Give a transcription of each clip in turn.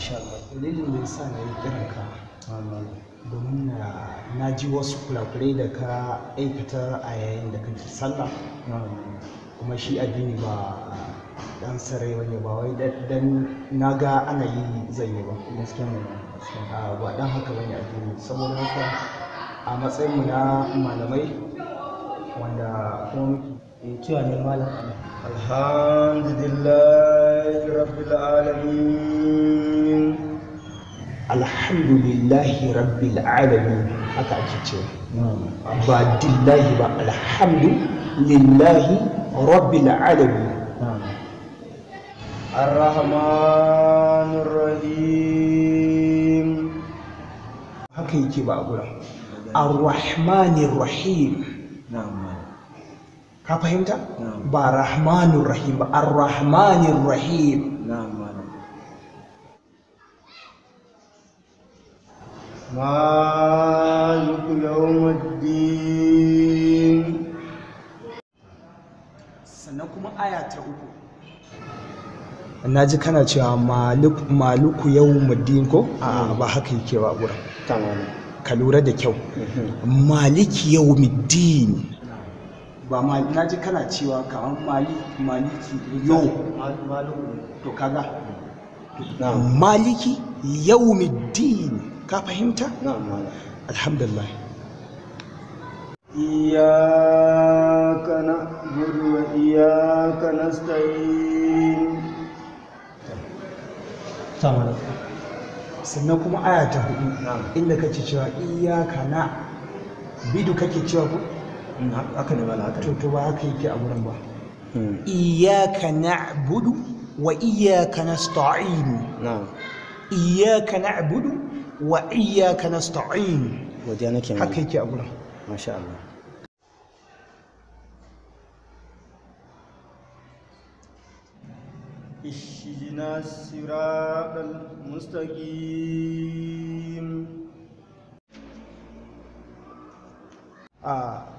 sha Allah. Dalilin da yasa na yi kiran ka. Domin na na ji wasu kurakurai da ka aikata a yayin da kake sallah. Kuma shi addini ba dan sarai bane ba wai dan na ga ana yi zan yi ba. Gaskiya ne. Ba dan haka bane addini saboda haka a matsayin mu na malamai wanda kuma muke eh, cewa ne malam alhamdulillah rabbil alamin alhamdulillahi rabbil alamin haka ake cewa ba dillahi ba alhamdulillahi rabbil alamin الرحمن الرحيم haka yake ba a gurin arrahmanir rahim ka fahimta ba rahmanir rahim ba arrahmanir rahim مالك يوم الدين sannan kuma aya ta na ji kana cewa maluku yau muddin ko a hmm. ba haka yake ba wurin ka lura da kyau hmm. maliki yau muddin ba ma na kana cewa kamar maliki maliki yau to kaga maliki yau muddin ka fahimta alhamdulillah إياك نعبد وإياك نستعين تمام sannan kuma aya ta hudu inda kake cewa iyaka na bidu kake cewa ku mm, ne to ba a gurin ba hmm. iyaka budu wa iyaka nasta'in na'am iyaka wa iyyaka nasta'in godiya nake haka yake a gurin masha Allah اهدنا A المستقيم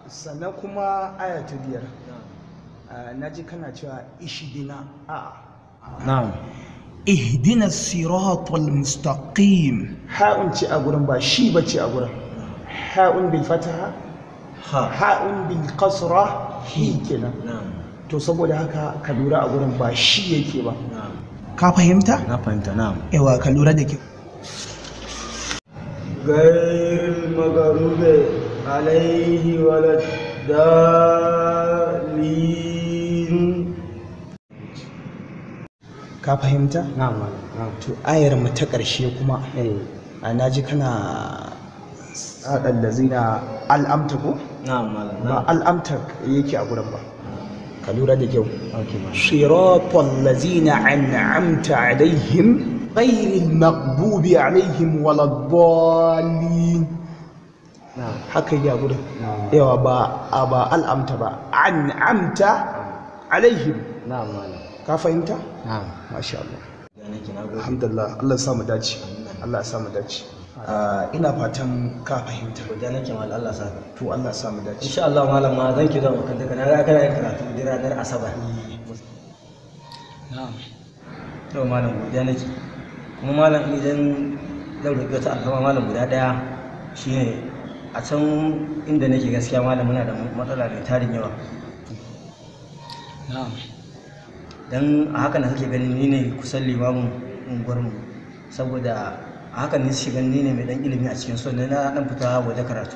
sannan kuma aya ta biyar ah, na ji kana cewa ishidina a ah. na'am اهدنا الصراط المستقيم ها انتي اغرم باشي باتي اغرم ها ان بالفتحة ها ها ان بالقصرة هي كنا نعم تو سبو لهاكا كدورا اغرم باشي يكي با نعم كافا يمتا كافا نعم ايوا كدورا ديكي غير المغروب عليه ولا الدالين ka fahimta na'am na'am to ayar mu ta ƙarshe kuma eh a naji kana zina al'amta ko na'am malam ba al'amta yake a gurin ba ka lura da kyau siratal lazina an'amta alaihim غير المغضوب alaihim ولا الضالين haka a gurin. yawa ba a ba al'amta ba an amta alaihim ka fahimta na'am masha Allah alhamdulillah Allah ya sa mu dace Allah ya sa mu dace ah, ina fatan ka fahimta ko da nake mal Allah sa to Allah ya sa mu dace insha Allah malam ma zan ki zo makaranta kana ga kana karatu da ranar asabar na'am to malam godiya nake kuma malam idan zan rubuta ta alfama malam guda ɗaya shine a can inda nake gaskiya malam muna da matsala mai tarin yawa na'am don a haka na kake ganin ni ne kusan limamin unguwarmu saboda a haka ne ganin, ni ne mai dan ilimi a cikin son na dan fita waje karatu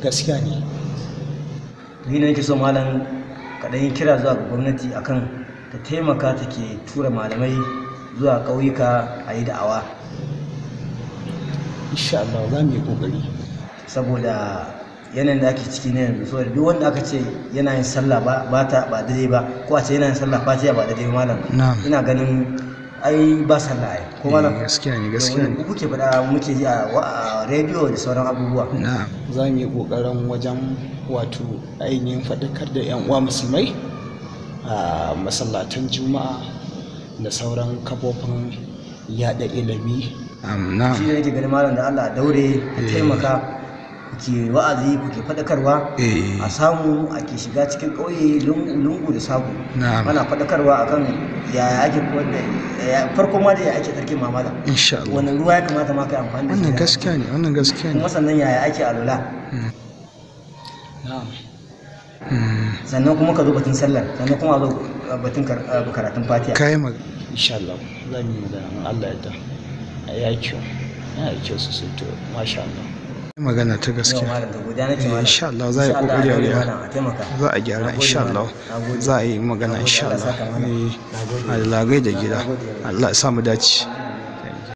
gaskiya ne ni ne ke so malam kadan, kira zuwa ga gwamnati akan ta taimaka take tura malamai zuwa ƙauyuka a yi da'awa insha Allah za mu yi kokari saboda yanayin da ake ciki na yanzu saboda duk wanda aka ce yana yin sallah ba ta ba daidai ba ko a ce yana yin sallah fatiha ba daidai malam ina ganin ai ba sallah ai ko malam eh, gaskiya ne gaskiya ne kuke faɗa muke ji a rediyo da sauran abubuwa za mu yi kokarin wajen wato ainihin faɗakar da yan uwa musulmai a masallatan juma'a da sauran kafofin yada ilimi shi ne ke ganin malam da Allah daure a eh. taimaka ke wa'azi ku ke fadakarwa eh. a samu ake shiga cikin ƙauye lungu da sabu mana fadakarwa akan yaya ake farko ma da ya ake tsarki mamada wannan ruwa ya kamata ma kai amfani da wannan gaskiya ne wannan gaskiya ne kuma sannan yaya ake alula hmm. hmm. sannan kuma ka zo batun sallar sannan kuma zo batun eh, karatun fatiha kai ma insha Allah zan yi magana Allah ya ta ya kyau ya kyau sosai to masha Allah magana ta gaskiya eh, insha Allah za a yi kokari a za a gyara insha Allah za a yi magana insha Allah a lagai eh, da gida Allah ya sa mu dace